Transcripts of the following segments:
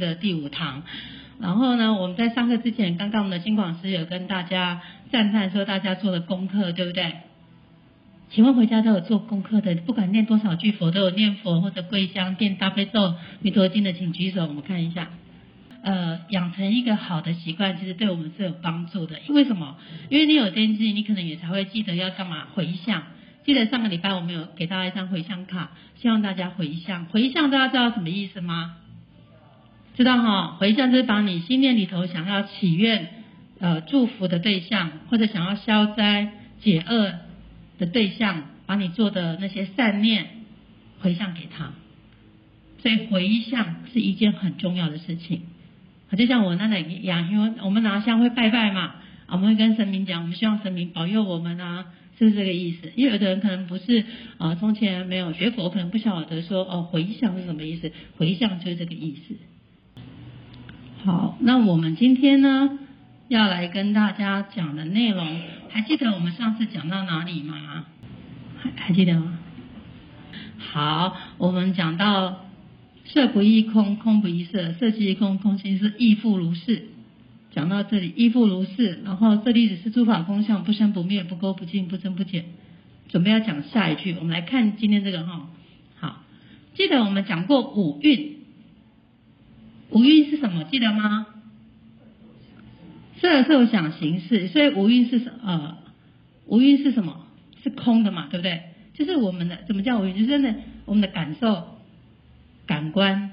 的第五堂，然後呢，我們在上課之前，剛剛我們的金廣師有跟大家讚歎說，大家做了功課對不對？請問回家都有做功課的，不管念多少句佛都有念佛或者跪香、念大悲咒、彌陀經的，請舉手，我們看一下。呃，養成一個好的習慣，其實對我們是有幫助的。為什麼？因為你有惦記，你可能也才會記得要幹嘛回向。記得上個禮拜我們有給大家一張回向卡，希望大家回向。回向大家知道什麼意思嗎？知道哈，回向就是把你心念裡頭想要祈願、呃祝福的對象，或者想要消災解厄的對象，把你做的那些善念回向給他。所以回向是一件很重要的事情。就像我那兩個一樣，因為我們拿香會拜拜嘛，我們會跟神明講，我們希望神明保佑我們啊，是不是這個意思？因為有的人可能不是啊，從前沒有學佛，可能不曉得說哦，回向是什麼意思？回向就是這個意思。好，那我們今天呢要來跟大家講的內容，還記得我們上次講到哪裡嗎？還還記得嗎？好，我們講到色不異空，空不異色，色即是空，空即是，亦復如是。講到這裡，亦復如是。然後這裡只是諸法空相，不生不滅，不垢不淨，不增不減。準備要講下一句，我們來看今天這個哈。好，記得我們講過五蘊。五蘊是什麼？記得嗎？色受想行識，所以五蘊是什呃，五蘊是什麼？是空的嘛，對不對？就是我們的怎麼叫五蘊？就是真的我們的感受、感官、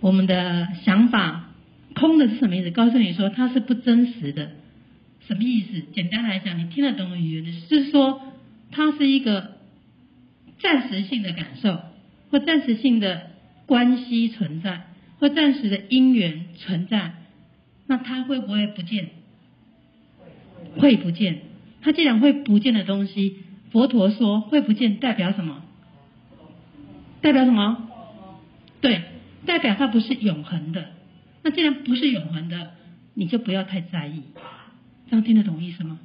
我們的想法，空的是什麼意思？告訴你說它是不真實的，什麼意思？簡單來講，你聽得懂的語言就是說它是一個暫時性的感受或暫時性的關係存在。那暫時的因緣存在，那它會不會不見？會不見。它既然會不見的東西，佛陀說會不見代表什麼？代表什麼？對，代表它不是永恆的。那既然不是永恆的，你就不要太在意。這樣聽得懂意思嗎？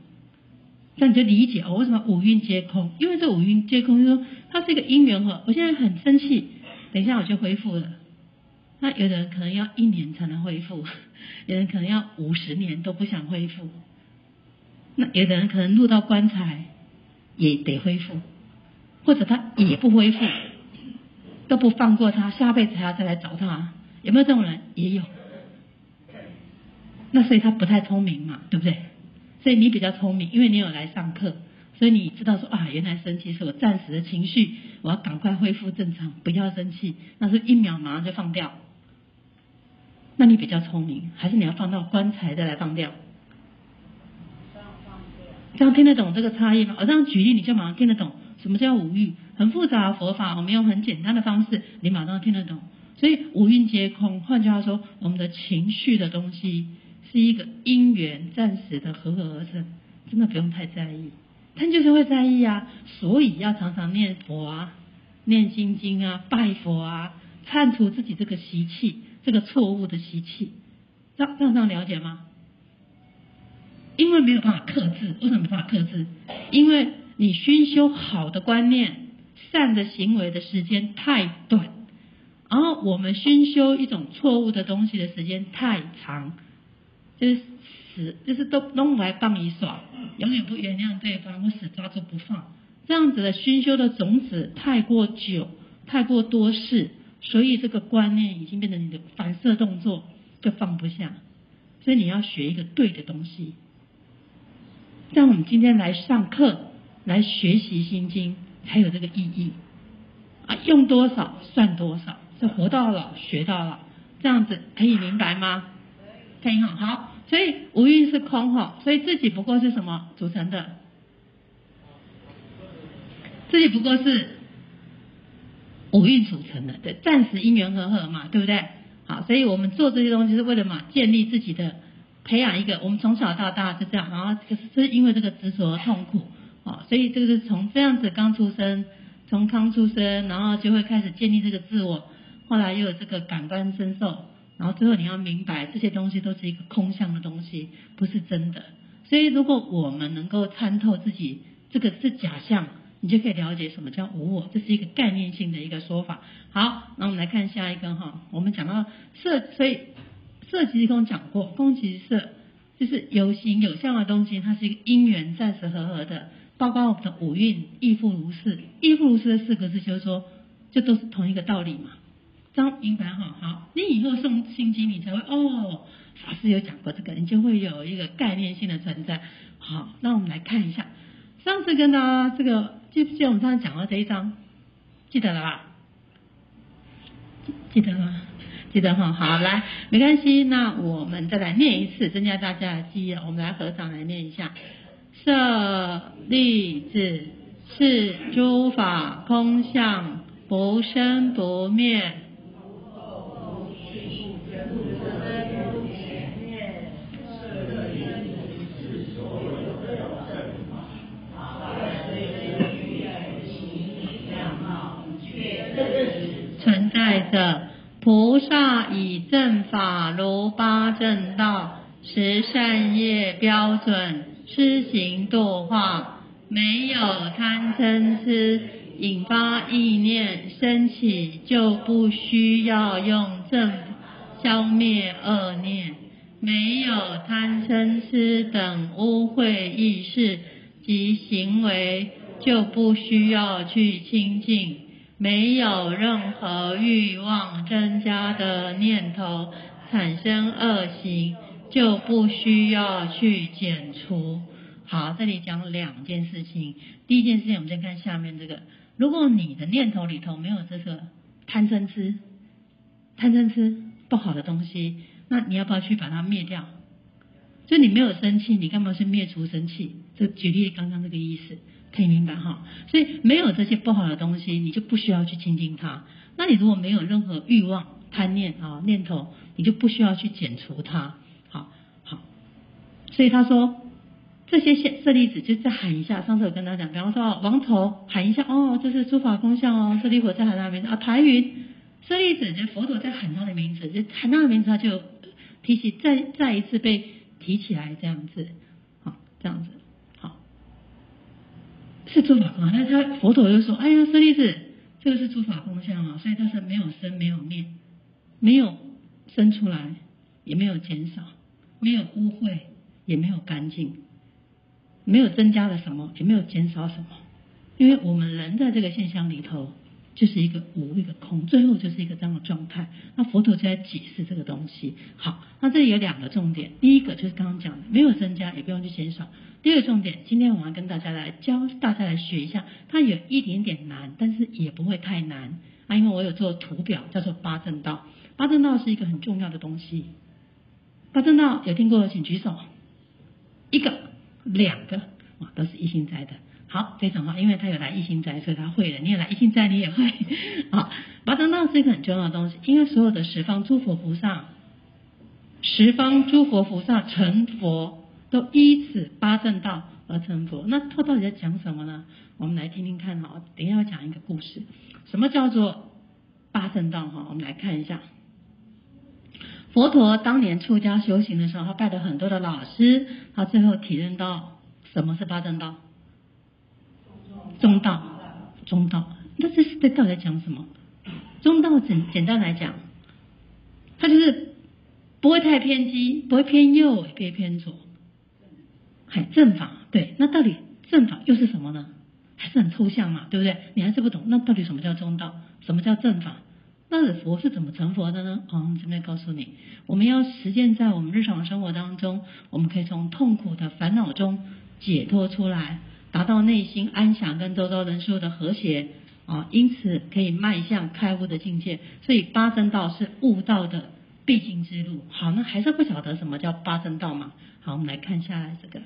這樣你就理解哦，為什麼五蘊皆空？因為這五蘊皆空，就是說它是一個因緣哦，我現在很生氣，等一下我就恢復了。那有的人可能要一年才能恢復，有人可能要五十年都不想恢復。那有的人可能入到棺材也得恢復，或者他也不恢復，都不放過他，下輩子還要再來找他。有沒有這種人？也有。那所以他不太聰明嘛，對不對？所以你比較聰明，因為你有來上課，所以你知道說啊，原來生氣是我暫時的情緒，我要趕快恢復正常，不要生氣，那是一秒馬上就放掉。那你比較聰明，還是你要放到棺材再來放掉？這樣聽得懂這個差異嗎？我、哦、這樣舉例，你就馬上聽得懂什麼叫五欲。很複雜的、啊、佛法，我、哦、們用很簡單的方式，你馬上聽得懂。所以五蘊皆空，換句話說，我們的情緒的東西是一個因緣暫時的合合而成，真的不用太在意。但就是會在意啊，所以要常常念佛啊、念心經啊、拜佛啊，懺除自己這個習氣。這個錯誤的習氣，這樣這樣了解嗎？因為沒有辦法克制，為什麼沒辦法克制？因為你熏修好的觀念、善的行為的時間太短，然後我們熏修一種錯誤的東西的時間太長，就是死，就是都弄來幫你耍，永遠不原諒對方，我死抓住不放，這樣子的熏修的種子太過久，太過多事。所以這個觀念已經變成你的反射動作，就放不下。所以你要學一個對的東西，讓我們今天來上課來學習《心經》，才有這個意義。啊，用多少算多少，是活到老學到老，這樣子可以明白嗎？可以，很好。好，所以五蘊是空，所以自己不過是什麼組成的？自己不過是。五蘊組成的，對，暫時因緣和合嘛，對不對？好，所以我們做這些東西是為了嘛，建立自己的，培養一個。我們從小到大就這樣，然後就是因為這個執着而痛苦，好，所以這個就是從這樣子剛出生，從剛出生，然後就會開始建立這個自我，後來又有這個感官身受，然後最後你要明白這些東西都是一個空相的東西，不是真的。所以如果我們能夠參透自己這個是假象。你就可以了解什麼叫無我，這是一個概念性的一個說法。好，那我們來看下一個哈，我們講到色，所以色即是空講過，空即是色，就是有形有相的東西，它是一個因緣暫時和合的。包括我們的五蘊亦復如是，亦復如是的四個字，就是說，這都是同一個道理嘛。張英凡，哈，好，你以後誦心經，你才會哦。法師有講過這個，你就會有一個概念性的存在。好，那我們來看一下，上次跟大家這個。記不記得我們上次講過這一章？記得了吧？記，記得嗎？記得哈？好，來，沒關係，那我們再來念一次，增加大家的記憶，我們來合掌來念一下：舍利子，是諸法空相，不生不滅。的菩薩以正法如八正道、十善業標準施行度化，沒有貪嗔痴引發意念升起，就不需要用正消滅惡念；沒有貪嗔痴等污穢意識及行為，就不需要去清淨。沒有任何欲望增加的念頭產生惡行，就不需要去減除。好，這裡講兩件事情。第一件事情，我們先看下面這個。如果你的念頭裡頭沒有這個貪嗔痴，貪嗔痴不好的東西，那你要不要去把它滅掉？就你沒有生氣，你幹嘛去滅除生氣？就舉例剛剛這個意思。可以明白哈，所以沒有這些不好的東西，你就不需要去清淨它。那你如果沒有任何欲望、貪念啊、念頭，你就不需要去減除它。好好，所以他說這些現舍利子就再喊一下。上次我跟他講，比方說王頭喊一下，哦，這是諸法空相哦。舍利佛在喊他的名字啊，排云舍利子就佛陀在喊他的名字，就喊他的名字，他就提起再再一次被提起來這樣子，好這樣子。這諸法嘛，那他佛陀就說：“哎呀，舍利子，這個是諸法空相嘛，所以它是沒有生，沒有滅，沒有生出來，也沒有減少，沒有污穢，也沒有乾淨，沒有增加了什麼，也沒有減少什麼，因為我們人在這個現象裡頭。”就是一個無，一個空，最後就是一個這樣的狀態。那佛陀就在解釋這個東西。好，那這裡有兩個重點，第一個就是剛剛講的，沒有增加，也不用去減少。第二個重點，今天我要跟大家來教大家來學一下，它有一點點難，但是也不會太難啊，因為我有做圖表，叫做八正道。八正道是一個很重要的東西。八正道有聽過的請舉手，一個、兩個，哇都是一心齋的。好，非常好，因為他有來一心齋，所以他會的。你也來一心齋，你也會。好，八正道是一個很重要的東西，因為所有的十方諸佛菩薩，十方諸佛菩薩成佛都依此八正道而成佛。那他到底在講什麼呢？我們來聽聽看哈。等一下要講一個故事，什麼叫做八正道哈？我們來看一下，佛陀當年出家修行的時候，他拜了很多的老師，他最後體認到什麼是八正道。中道，中道，那這是在到底在講什麼？中道簡簡單來講，它就是不會太偏激，不會偏右，也可以偏左，很正法。對，那到底正法又是什麼呢？還是很抽象嘛，對不對？你還是不懂。那到底什麼叫中道？什麼叫正法？那佛是怎麼成佛的呢？哦、嗯，這邊告訴你，我們要實踐在我們日常生活當中，我們可以從痛苦的煩惱中解脫出來。達到內心安詳跟周遭人事物的和諧啊，因此可以邁向開悟的境界。所以八正道是悟道的必經之路。好，那還是不曉得什麼叫八正道嘛？好，我們來看下來這個。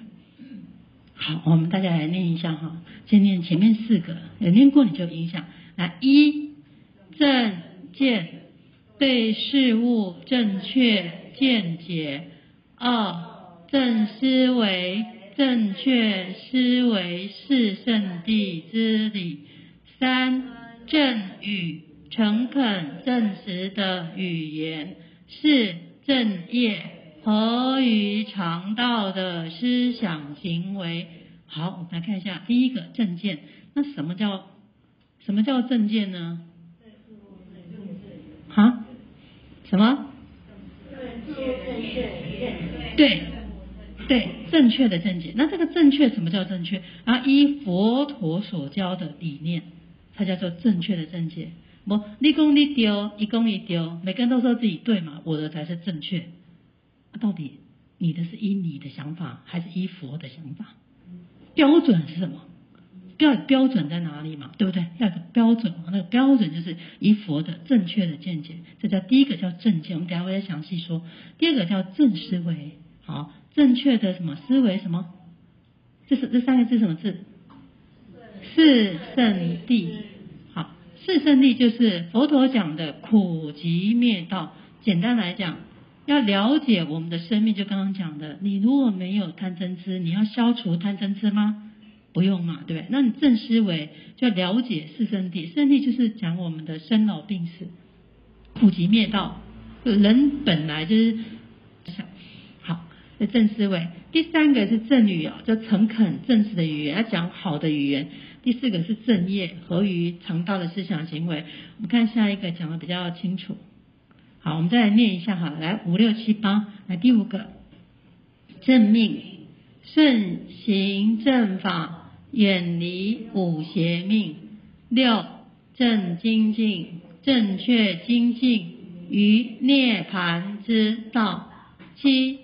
好，我們大家來念一下哈，先念前面四個，有念過你就印象。來，一正見，對事物正確見解，二正思維。正確思維是聖諦之理。三正語，誠懇真實的語言。四正業，合於常道的思想行為。好，我們來看一下第一個正見。那什麼叫什麼叫正見呢？哈、啊，什麼？對。對，正確的正解。那這個正確，什麼叫正確？啊，依佛陀所教的理念，才叫做正確的正解。不，一公一丟，一公一丟，每個人都說自己對嘛，我的才是正確。啊，到底你的是依你的想法，還是依佛的想法？標準是什麼？標標準在哪裡嘛？對不對？要、那、有、個、標準嘛？那個標準就是依佛的正確的見解，這叫第一個叫正見。我們等下會再詳細說。第二個叫正思維，好。正確的什麼思維？什麼？這是這三個字？什麼字？四聖諦。好，四聖諦就是佛陀講的苦集滅道。簡單來講，要了解我們的生命，就剛剛講的，你如果沒有貪嗔痴，你要消除貪嗔痴嗎？不用嘛，對不對？那你正思維就要了解四聖諦，聖諦就是講我們的生老病死，苦集滅道。人本來就是。正思維，第三個是正語，叫誠懇正直的語言，要講好的語言。第四個是正業，合於常道的思想行為。我們看下一個講的比較清楚。好，我們再來念一下哈，來五六七八，來第五個，正命，順行正法，遠離五邪命。六，正精進，正確精進於涅槃之道。七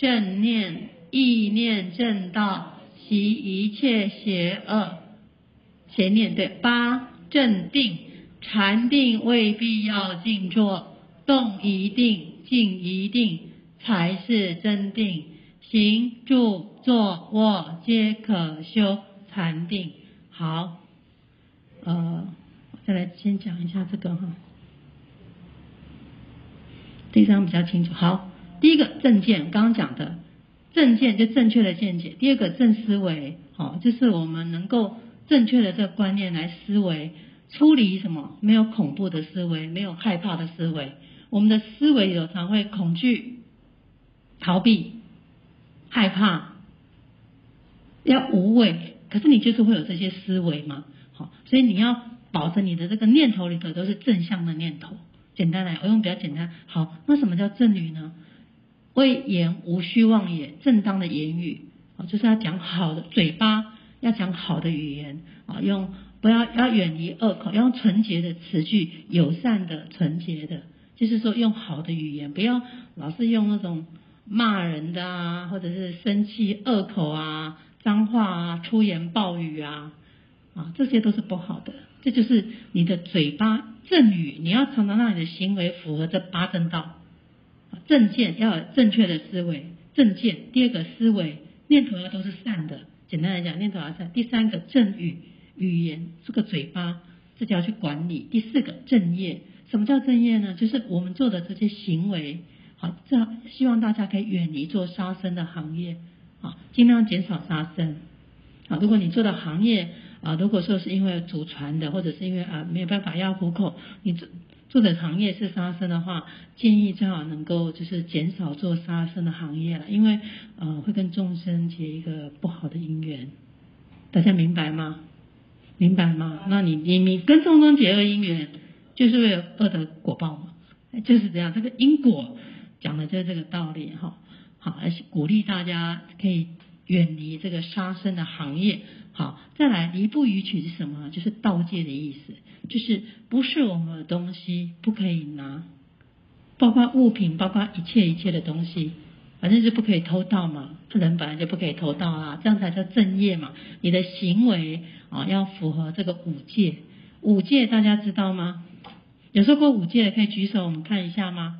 正念、意念、正道，習一切邪惡、邪念。對，八、正定，禪定未必要靜坐，動一定，靜一定，才是真定。行、住、坐、臥皆可修禪定。好，呃，再來先講一下這個哈，這張比較清楚。好。第一個正見，剛剛講的正見就正確的見解。第二個正思維，好，就是我們能夠正確的這個觀念來思維，出離什麼？沒有恐怖的思維，沒有害怕的思維。我們的思維有常會恐懼、逃避、害怕，要無畏。可是你就是會有這些思維嘛？好，所以你要保證你的這個念頭裡頭都是正向的念頭。簡單來，我用比較簡單。好，那什麼叫正語呢？謂言無虛妄也，正當的言語啊，就是要講好的嘴巴，要講好的語言啊，用不要要遠離惡口，要用純潔的詞句，友善的、純潔的，就是說用好的語言，不要老是用那種罵人的啊，或者是生氣惡口啊、髒話啊、粗言暴語啊，啊，這些都是不好的。這就是你的嘴巴正語，你要常常讓你的行為符合這八正道。正見要有正確的思維，正見第二個思維念頭要都是善的，簡單來講念頭要善。第三個正語語言這個嘴巴自己要去管理。第四個正業，什麼叫正業呢？就是我們做的這些行為，好，這希望大家可以遠離做殺生的行業，啊，盡量減少殺生。啊，如果你做的行業啊，如果說是因為祖傳的，或者是因為啊沒有辦法要糊口，你做的行業是殺生的話，建議最好能夠就是減少做殺生的行業了，因為呃會跟眾生結一個不好的因緣。大家明白嗎？明白嗎？那你你你跟眾生結惡因緣，就是為了惡的果報嘛？就是這樣，這個因果講的就是這個道理哈。好，還是鼓勵大家可以遠離這個殺生的行業。好，再來，離不與取是什麼？就是盜戒的意思。就是不是我們的東西不可以拿，包括物品，包括一切一切的東西，反正就不可以偷盜嘛。人本來就不可以偷盜啊，這樣才叫正業嘛。你的行為啊、哦，要符合這個五戒。五戒大家知道嗎？有說過五戒的可以舉手，我們看一下嗎？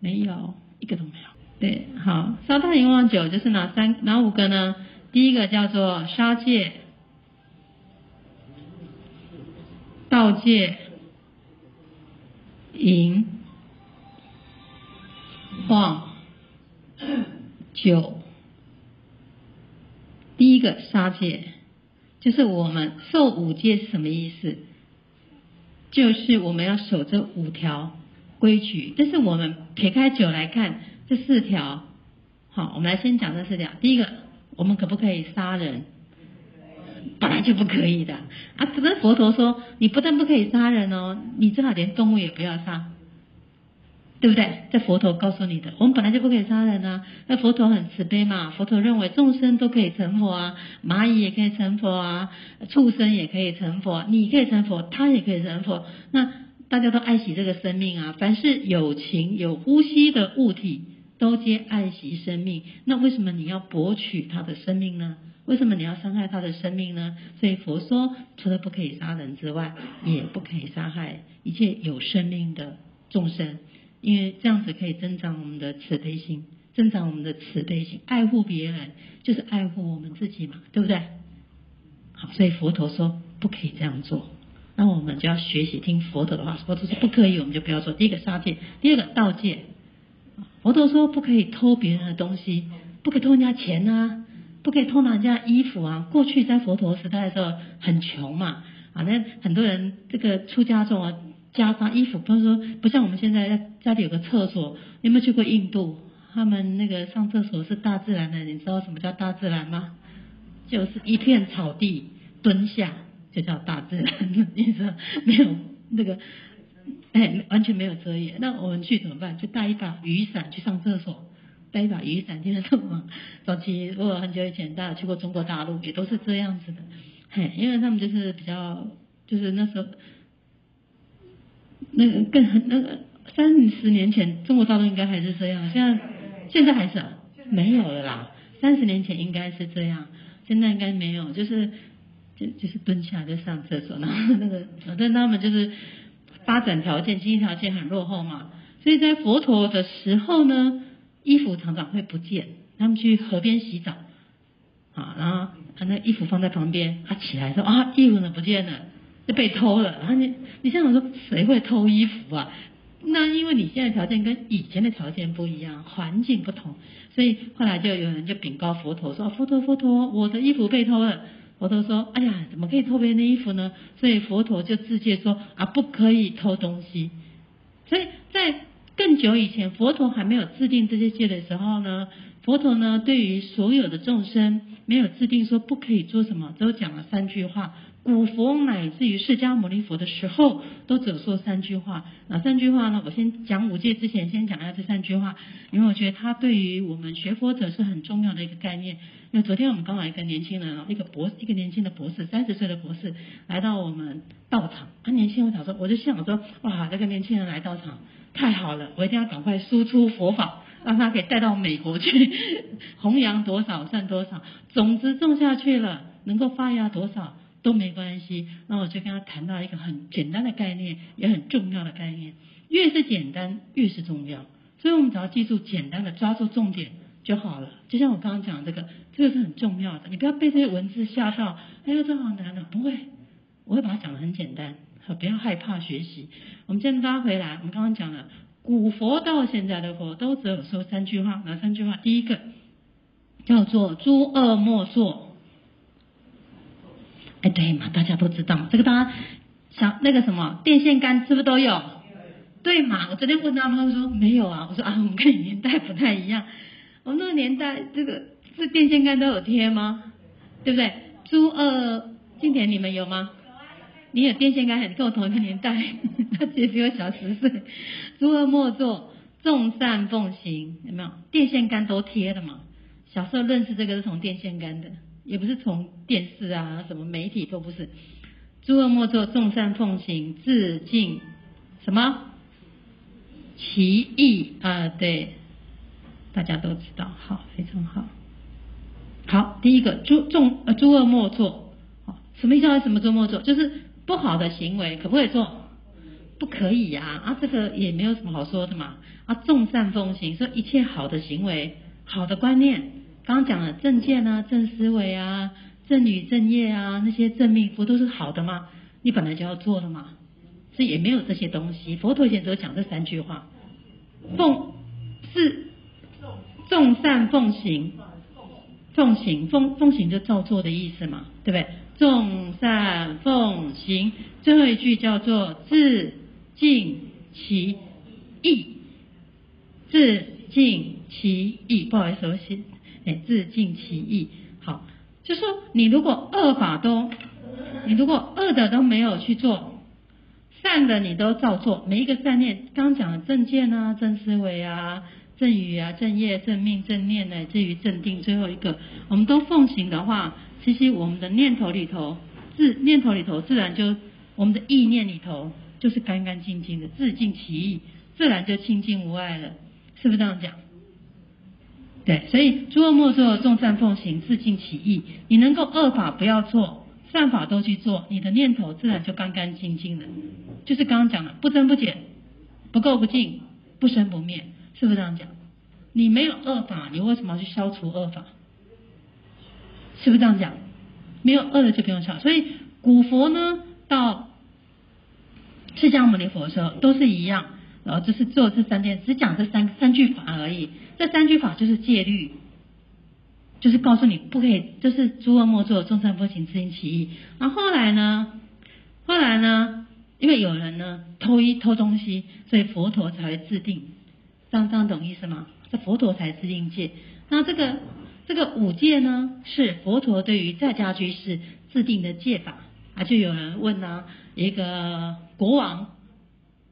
沒有，一個都沒有。對，好，殺盜淫妄酒就是哪三哪五個呢？第一個叫做殺戒。戒淫妄酒。第一個殺戒，就是我們受五戒是什麼意思？就是我們要守這五條規矩。但是我們撇開酒來看這四條，好，我們來先講這四條。第一個，我們可不可以殺人？本來就不可以的啊！這個佛陀說，你不但不可以殺人哦，你最好連動物也不要殺，對不對？這佛陀告訴你的。我們本來就不可以殺人啊！那佛陀很慈悲嘛，佛陀認為眾生都可以成佛啊，螞蟻也可以成佛啊，畜生也可以成佛啊，你可以成佛，他也可以成佛。那大家都愛惜這個生命啊，凡是有情有呼吸的物體都皆愛惜生命，那為什麼你要奪取他的生命呢？為什麼你要傷害他的生命呢？所以佛說，除了不可以殺人之外，也不可以殺害一切有生命的眾生，因為這樣子可以增長我們的慈悲心，增長我們的慈悲心，愛護別人就是愛護我們自己嘛，對不對？好，所以佛陀說不可以這樣做，那我們就要學習聽佛陀的話。佛陀說不可以，我們就不要做。第一個殺戒，第二個盜戒。佛陀說不可以偷別人的東西，不可以偷人家錢啊。不可以偷拿人家衣服啊！過去在佛陀時代的時候很窮嘛，反正很多人這個出家眾啊，袈裟衣服，不是說不像我們現在家裡有個廁所。你有沒有去過印度？他們那個上廁所是大自然的，你知道什麼叫大自然嗎？就是一片草地，蹲下就叫大自然。你說沒有那個，哎、欸，完全沒有遮掩。那我們去怎麼辦？就帶一把雨傘去上廁所。帶一把雨傘進去嗎？早期我很久以前大家去過中國大陸，也都是這樣子的。嘿，因為他們就是比較，就是那時候，那個更那個三十年前中國大陸應該還是這樣，現在現在還是沒有了啦。三十年前應該是這樣，現在應該沒有，就是就就是蹲起來就上廁所，然後那個反正他們就是發展條件、經濟條件很落後嘛，所以在佛陀的時候呢。衣服常常會不見，他們去河邊洗澡，啊，然後他、啊、那衣服放在旁邊，他、啊、起來說啊，衣服呢不見了，就被偷了。然後你你想想說，誰會偷衣服啊？那因為你現在條件跟以前的條件不一樣，環境不同，所以後來就有人就稟告佛陀說，啊、佛陀佛陀，我的衣服被偷了。佛陀說，哎呀，怎麼可以偷別人的衣服呢？所以佛陀就直接說啊，不可以偷東西。所以在更久以前，佛陀還沒有制定這些戒的時候呢，佛陀呢對於所有的眾生沒有制定說不可以做什麼，都講了三句話。古佛乃至於釋迦牟尼佛的時候，都只說三句話。哪三句話呢？我先講五戒之前，先講一下這三句話，因為我覺得它對於我們學佛者是很重要的一個概念。因為昨天我們剛好一個年輕人，一個博，一個年輕的博士，三十歲的博士來到我們道場。他年輕人，我說，我就想我就說，哇，這個年輕人來到場。太好了，我一定要趕快輸出佛法，讓他給帶到美國去，弘揚多少算多少。種子種下去了，能夠發芽多少都沒關係。那我就跟他談到一個很簡單的概念，也很重要的概念。越是簡單，越是重要。所以我們只要記住簡單的，抓住重點就好了。就像我剛剛講這個，這個是很重要的，你不要被這些文字嚇到。哎呦，這好難的啊，不會，我會把它講得很簡單。不要害怕學習。我們現在拉回來，我們剛剛講了，古佛到現在的佛都只有說三句話，哪三句話？第一個叫做“諸惡莫作”。哎，對嘛，大家都知道，這個大家想那個什麼電線桿是不是都有？對嘛？我昨天問他們，他說沒有啊。我說啊，我們跟你年代不太一樣。我們那個年代，這個是電線桿都有貼嗎？對不對？“諸惡”今天你們有嗎？你有電線桿，很跟我同一個年代，他只比我小十歲。諸惡莫作，眾善奉行，有沒有？電線桿都貼的嘛。小時候認識這個是從電線桿的，也不是從電視啊，什麼媒體都不是。諸惡莫作，眾善奉行，自淨什麼？其意啊、呃，對，大家都知道。好，非常好。好，第一個，諸眾呃，諸惡莫作，好，什麼意思？什麼諸惡莫作？就是。不好的行為可不可以做？不可以呀、啊！啊，這個也沒有什麼好說的嘛！啊，眾善奉行，說一切好的行為、好的觀念，剛剛講了正見啊、正思維啊、正語、正業啊，那些正命不都是好的嗎？你本來就要做的嘛，所以也沒有這些東西。佛陀以前只有講這三句話，奉是眾善奉行，奉行奉奉行就照做的意思嘛，對不對？眾善奉行，最後一句叫做自淨其意，自淨其意。不好意思，我寫，誒，自淨其意。好，就說你如果惡法都，你如果惡的都沒有去做，善的你都照做，每一個善念，剛剛講的正見啊、正思維啊、正語啊、啊、正業、正命、正念、啊，乃至於正定，最後一個，我們都奉行的話。其實我們的念頭裡頭，自念頭裡頭自然就我們的意念裡頭就是乾乾淨淨的，自淨其意，自然就清淨無礙了，是不是這樣講？對，所以諸惡莫作，眾善奉行，自淨其意，你能夠惡法不要做，善法都去做，你的念頭自然就乾乾淨淨了。就是剛剛講的，不增不減，不垢不淨，不生不滅，是不是這樣講？你沒有惡法，你為什麼要去消除惡法？是不是這樣講？沒有惡的就不用吵。所以古佛呢，到釋迦牟尼佛的時候都是一樣，然後就是做這三件，只講這三三句法而已。這三句法就是戒律，就是告訴你不可以，就是諸惡莫作，眾善奉行，自淨其意。那後，後來呢？後來呢？因為有人呢偷一偷東西，所以佛陀才會制定。這樣，這樣懂意思嗎？這佛陀才制定戒。那這個。這個五戒呢，是佛陀對於在家居士制定的戒法。啊，就有人問呢、啊，一個國王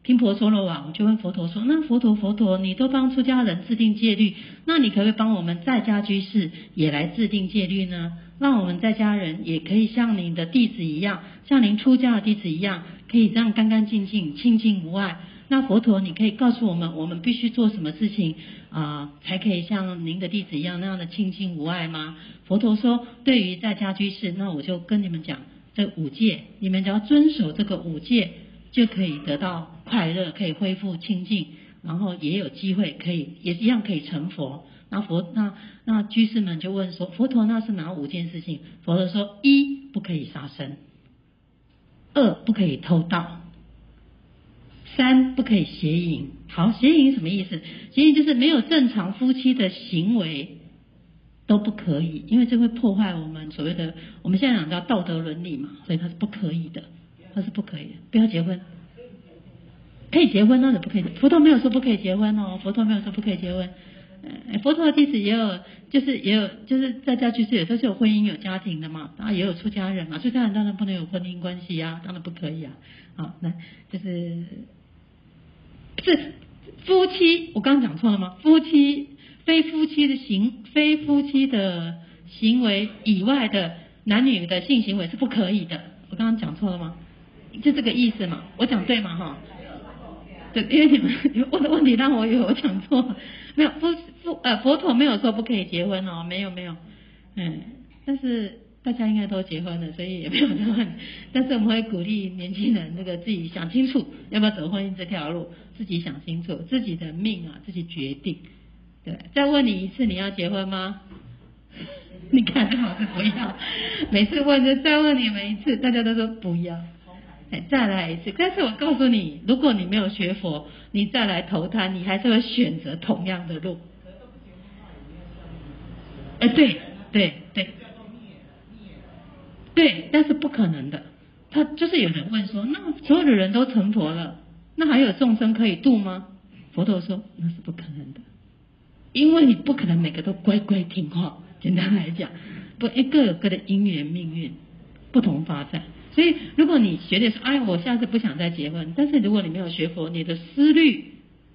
頻婆娑羅王，我就問佛陀說：“那佛陀佛陀，你都幫出家人制定戒律，那你可不可以幫我們在家居士也來制定戒律呢？讓我們在家人也可以像您的弟子一樣，像您出家的弟子一樣，可以這樣乾干淨淨、清淨無礙。”那佛陀，你可以告訴我們，我們必須做什麼事情啊、呃，才可以像您的弟子一樣那樣的清淨無礙嗎？佛陀說，對於在家居士，那我就跟你們講這五戒，你們只要遵守這個五戒，就可以得到快樂，可以恢復清淨，然後也有機會可以也一樣可以成佛。那佛那那居士們就問說，佛陀，那是哪五件事情？佛陀說，一不可以殺生，二不可以偷盜。三不可以邪淫，好，邪淫什麼意思？邪淫就是沒有正常夫妻的行為都不可以，因為這會破壞我們所謂的我們現在講叫道德倫理嘛，所以它是不可以的，它是不可以的，不要結婚。可以結婚那、啊、你不可以。佛陀沒有說不可以結婚哦，佛陀沒有說不可以結婚。佛陀的弟子也有，就是也有，就是在家居士也是有婚姻有家庭的嘛，當然也有出家人嘛，出家人當然不能有婚姻關係呀、啊，當然不可以啊。好，來，就是。是夫妻，我剛剛講錯了嗎？夫妻、非夫妻的行、非夫妻的行為以外的男女的性行為是不可以的。我剛剛講錯了嗎？就這個意思嘛。我講對嗎？哈？對，因為你們問的問題讓我以為我講錯了。沒有，夫不，呃，佛陀沒有說不可以結婚哦，沒有沒有，嗯，但是。大家應該都結婚了，所以也沒有再問。但是我們會鼓勵年輕人，那個自己想清楚要不要走婚姻這條路，自己想清楚，自己的命啊，自己決定。對，再問你一次，你要結婚嗎？你看，到是不要。每次問，就再問你們一次，大家都說不要。再來一次。但是我告訴你，如果你沒有學佛，你再來投胎，你還是會選擇同樣的路。哎，對對。對，但是不可能的。他就是有人問說：“那所有的人都成佛了，那還有眾生可以度嗎？”佛陀說：“那是不可能的，因為你不可能每個都乖乖聽話。簡單來講，不一個有個的因緣命運，不同發展。所以，如果你學的說：‘哎我下次不想再結婚’，但是如果你沒有學佛，你的思慮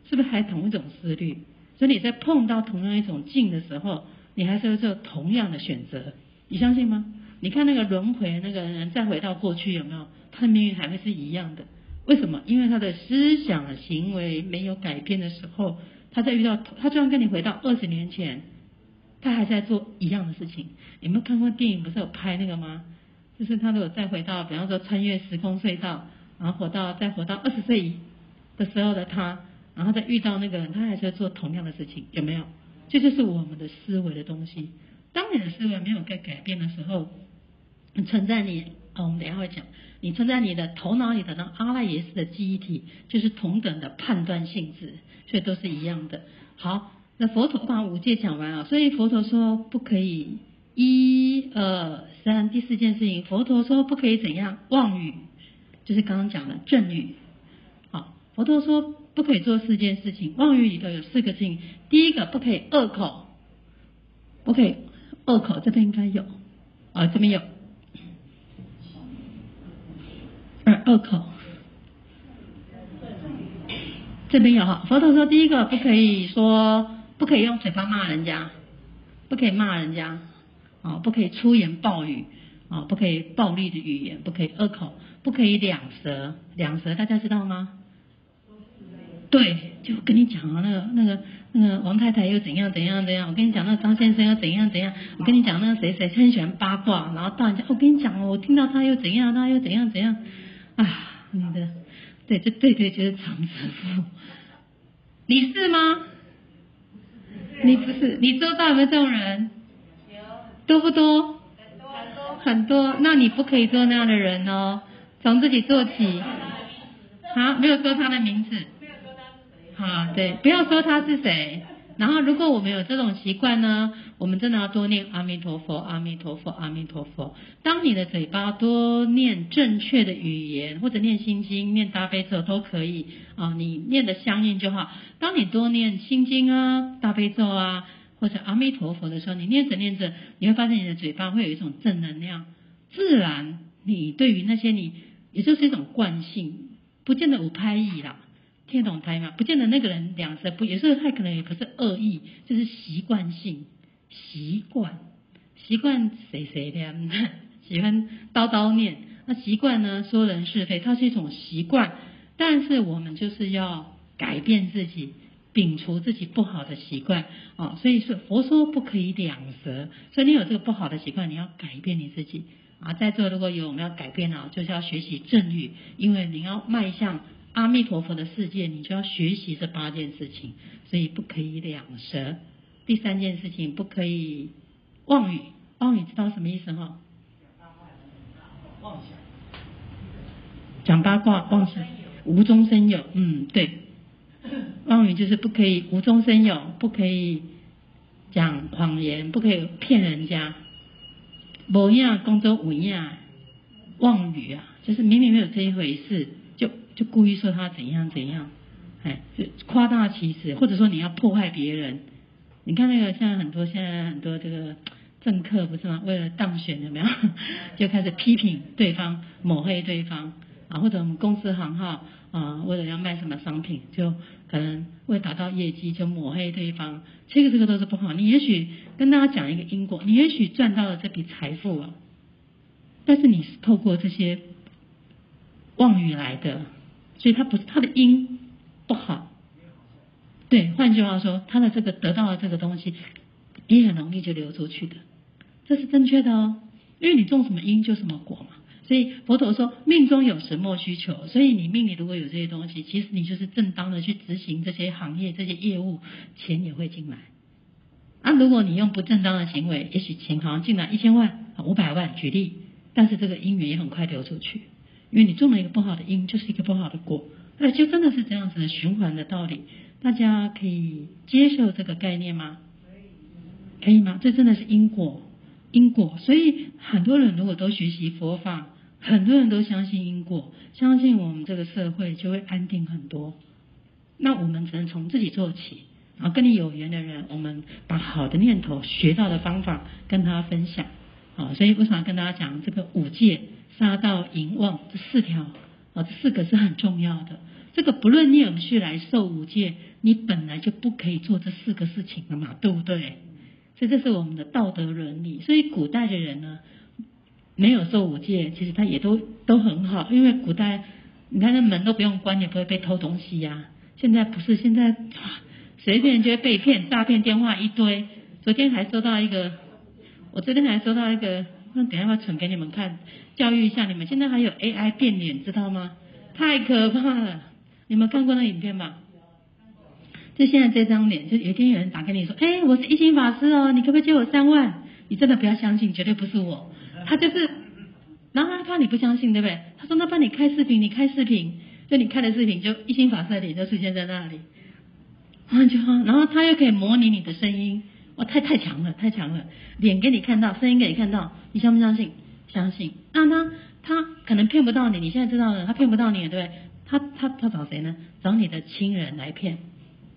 是不是還同一種思慮？所以你在碰到同樣一種境的時候，你還是會做同樣的選擇。你相信嗎？”你看那個輪回那個人再回到過去有沒有他的命運還會是一樣的？為什麼？因為他的思想行為沒有改變的時候，他在遇到他，就算跟你回到二十年前，他還在做一樣的事情。有沒有看過電影？不是有拍那個嗎？就是他如果再回到，比方說穿越時空隧道，然後活到再活到二十歲的時候的他，然後再遇到那個人，他還是會做同樣的事情，有沒有？這就，就是我們的思維的東西。當你的思維沒有改變的時候。存在你啊，我們等一下會講。你存在你的頭腦裡的那阿賴耶識的記憶體，就是同等的判斷性質，所以都是一樣的。好，那佛陀把五戒講完啊，所以佛陀說不可以一二三第四件事情，佛陀說不可以怎樣妄語，就是剛剛講的正語。好，佛陀說不可以做四件事情，妄語裡頭有四個事情，第一個不可以惡口不可以，惡口這邊應該有啊，這邊有。二口，這邊有哈。佛陀說，第一個不可以說，不可以用嘴巴罵人家，不可以罵人家，啊，不可以粗言暴語，啊，不可以暴力的語言，不可以惡口，不可以兩舌，兩舌，大家知道嗎？對，就跟你講啊，那個那個那個王太太又怎樣怎樣怎樣，我跟你講，那個張先生又怎樣怎樣，我跟你講，那個誰誰他很喜歡八卦，然後大家，我跟你講，我聽到他又怎樣，他又怎樣怎樣。啊，你的，對，這對對，就是長舌婦，你是嗎？你不是，你周遭有沒有這種人？有多不多？很多很多，那你不可以做那樣的人哦，從自己做起。好、啊，沒有說他的名字。沒有說他是誰。好，對，不要說他是誰。然後，如果我們有這種習慣呢？我們真的要多念阿彌陀佛，阿彌陀佛，阿彌陀佛。當你的嘴巴多念正確的語言，或者念心經、念大悲咒都可以啊、哦。你念得相應就好。當你多念心經啊、大悲咒啊，或者阿彌陀佛的時候，你念着念着，你會發現你的嘴巴會有一種正能量。自然，你對於那些你，也就是一種慣性，不見得有拍意啦。聽得懂拍嗎？不見得那個人兩聲不，也是，他可能也不是惡意，就是習慣性。習慣，習慣誰誰的？喜歡叨叨念，那習慣呢？說人是非，它是一種習慣。但是我們就是要改變自己，摒除自己不好的習慣。啊、哦、所以說佛說不可以兩舌。所以你有這個不好的習慣，你要改變你自己啊！在座如果有我們要改變的，就是要學習正語，因為你要邁向阿彌陀佛的世界，你就要學習這八件事情，所以不可以兩舌。第三件事情，不可以妄語，妄語知道什麼意思嗎？講八卦妄想，講八卦妄想，無中生有。嗯，對，妄語就是不可以無中生有，不可以講謊言，不可以騙人家。某一樣工作，某一樣妄語啊，就是明明沒有這一回事，就就故意說他怎樣怎樣，哎，誇大其詞，或者說你要破壞別人。你看那個現在很多現在很多這個政客不是嗎？為了當選有沒有，就開始批評對方、抹黑對方啊？或者我們公司行號啊、呃，為了要賣什麼商品，就可能為達到業績就抹黑對方，這個這個都是不好。你也許跟大家講一個因果，你也許賺到了這筆財富了，但是你是透過這些妄語來的，所以它不是它的因不好。對，換句話說，他的這個得到了這個東西，也很容易就流出去的，這是正確的哦。因為你種什麼因就什麼果嘛，所以佛陀說命中有什麼需求，所以你命裡如果有這些東西，其實你就是正當的去執行這些行業、這些業務，錢也會進來。啊，如果你用不正當的行為，也許錢好像進來一千萬、五百萬，舉例，但是這個因緣也很快流出去，因為你種了一個不好的因，就是一個不好的果，對，就真的是這樣子的循環的道理。大家可以接受這個概念嗎？可以，可以嗎？這真的是因果，因果。所以很多人如果都學習佛法，很多人都相信因果，相信我們這個社會就會安定很多。那我們只能從自己做起，然後跟你有緣的人，我們把好的念頭、學到的方法跟他分享。啊，所以我想跟大家講這個五戒、殺盜淫妄這四條，啊，這四個是很重要的。這個不論你有沒有去來受五戒，你本來就不可以做這四個事情的嘛，對不對？所以這是我們的道德倫理。所以古代的人呢，沒有受五戒，其實他也都都很好，因為古代你看那門都不用關，也不會被偷東西呀、啊。現在不是，現在，哇，隨便就會被騙，詐騙電話一堆。昨天還收到一個，我昨天還收到一個，那等一下要傳給你們看，教育一下你們。現在還有 AI 變臉，知道嗎？太可怕了。你有看過那影片吧，就現在這張臉，就有一天有人打給你說：“哎、欸，我是一心法師哦，你可不可以借我三萬？”你真的不要相信，絕對不是我，他就是。然後他怕你不相信，對不對？他說：“那幫你開視頻，你開視頻，就你開的視頻，就一心法師的臉就出現在那裡。”就然後他又可以模擬你的聲音，哇！太太強了，太強了，臉給你看到，聲音給你看到，你相不相信？相信。那、啊、他他可能騙不到你，你現在知道了，他騙不到你，對不對？他他他找誰呢？找你的親人來騙，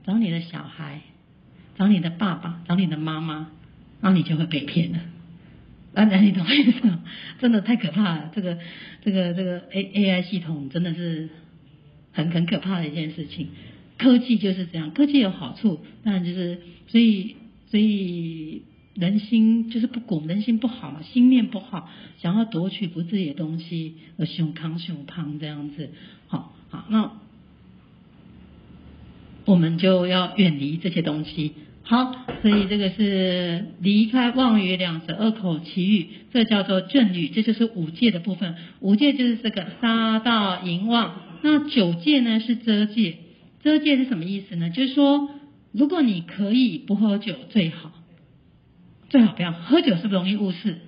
找你的小孩，找你的爸爸，找你的媽媽，那、啊、你就會被騙了。當、啊、然你懂意思嗎？真的太可怕了！這個這個這個 A A I 系統真的是很很可怕的一件事情。科技就是這樣，科技有好處，當然就是所以所以人心就是不古，人心不好，嘛，心念不好，想要奪取不自己的東西，而胸扛胸胖這樣子。好，那我們就要遠離這些東西。好，所以這個是離開妄語、兩舌、惡口、綺語，這叫做正語，這就是五戒的部分。五戒就是這個殺盜淫妄。那酒戒呢是遮戒，遮戒是什麼意思呢？就是說，如果你可以不喝酒最好，最好不要喝酒，是不容易誤事。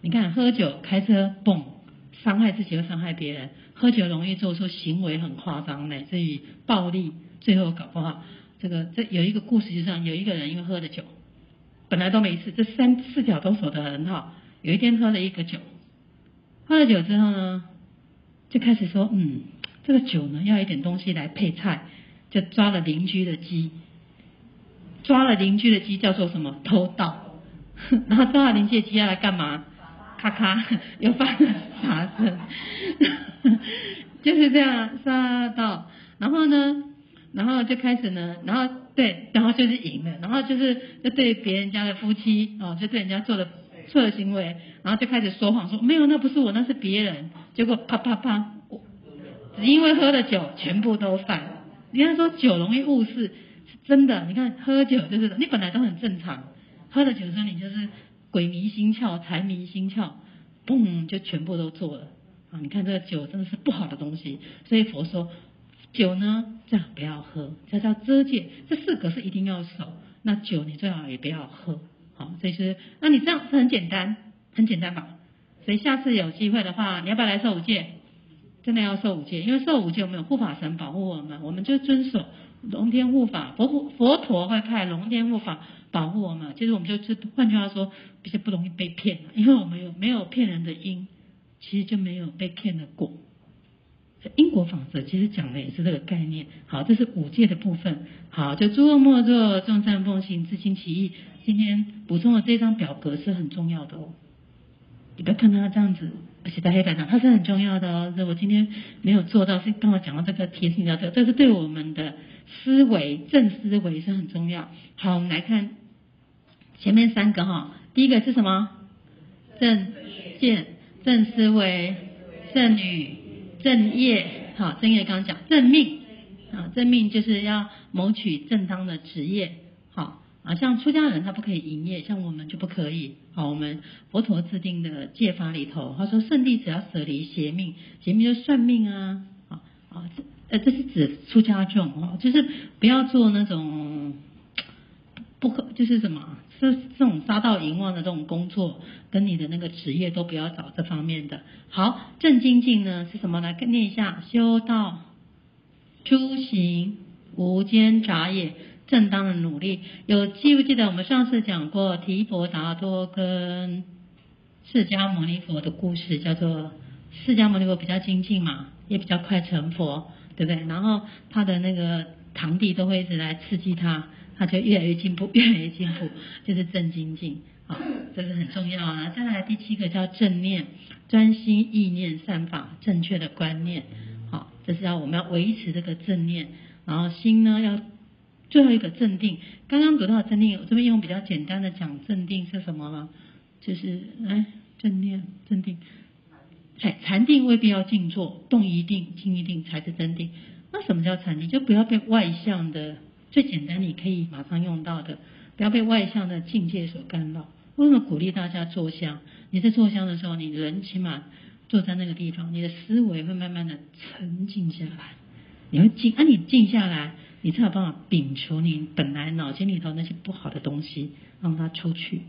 你看喝酒開車嘣，傷害自己又傷害別人。喝酒容易做出行為很誇張、欸，乃至於暴力，最後搞不好這個。這有一個故事，就像有一個人因為喝了酒，本來都沒事，這三四條都守得很好。有一天喝了一個酒，喝了酒之後呢，就開始說，嗯，這個酒呢要一點東西來配菜，就抓了鄰居的雞，抓了鄰居的雞叫做什麼偷盜，然後抓了鄰居的雞要來幹嘛？咔咔，又犯了啥事？就是這樣殺到，然後呢，然後就開始呢，然後對，然後就是贏了，然後就是就對別人家的夫妻哦，就對人家做的錯的行為，然後就開始說謊說，說沒有，那不是我，那是別人。結果啪啪啪我，只因為喝了酒，全部都犯。人家說酒容易誤事，是真的。你看喝酒就是，你本來都很正常，喝了酒之後你就是。鬼迷心竅，財迷心竅，嘣就全部都做了啊！你看這個酒真的是不好的東西，所以佛說酒呢，最好不要喝，這叫遮戒。這四個是一定要守，那酒你最好也不要喝，好，所以是，那你這樣很簡單，很簡單吧？所以下次有機會的話，你要不要來受五戒？真的要受五戒，因為受五戒我們有護法神保護我們，我們就遵守龍天護法。佛佛佛陀會派龍天護法。保護我們，其實我們就是，換句話說，比較不容易被騙了，因為我們有沒有騙人的因，其實就沒有被騙的果。在因果法則其實講的也是這個概念。好，這是五戒的部分。好，就諸惡莫作，眾善奉行，自淨其意。今天補充的這張表格是很重要的哦。你不要看它這樣子，而且在黑板上，它是很重要的哦。是我今天沒有做到，是跟我講到這個提醒到的，這是對我們的思維，正思維是很重要。好，我們來看。前面三個哈，第一個是什麼？正見、正思維、正語、正業。好，正業剛講正命啊，正命就是要謀取正當的職業。好啊，像出家人他不可以營業，像我們就不可以。好，我們佛陀制定的戒法裡頭，他說聖弟子要舍離邪命，邪命就是算命啊。啊啊，這呃這是指出家眾哦，就是不要做那種不可，就是什麼？是這種殺盜淫妄的這種工作，跟你的那個職業都不要找這方面的。好，正精進呢，是什麼來跟念一下：修道諸行無間雜也，正當的努力。有記不記得我們上次講過提婆達多跟釋迦牟尼佛的故事？叫做釋迦牟尼佛比較精進嘛，也比較快成佛，對不對？然後他的那個堂弟都會一直來刺激他。他、啊、就越來越進步，越來越進步，就是正精進，好，這是、個、很重要啊。再來第七個叫正念，專心意念善法，正確的觀念，好，這是要我們要維持這個正念。然後心呢要最後一個正定，剛剛得到的正定，我這邊用比較簡單的講正定是什麼呢，就是哎正念正定，哎，禪定未必要靜坐，動一定靜一定才是真定。那什麼叫禪定？就不要被外向的。最簡單，你可以馬上用到的，不要被外向的境界所干擾。為什麼鼓勵大家坐香？你在坐香的時候，你人起碼坐在那個地方，你的思維會慢慢的沉靜下來，你會靜。啊，你靜下來，你才有辦法摒除你本來腦筋裡頭那些不好的東西，讓它出去。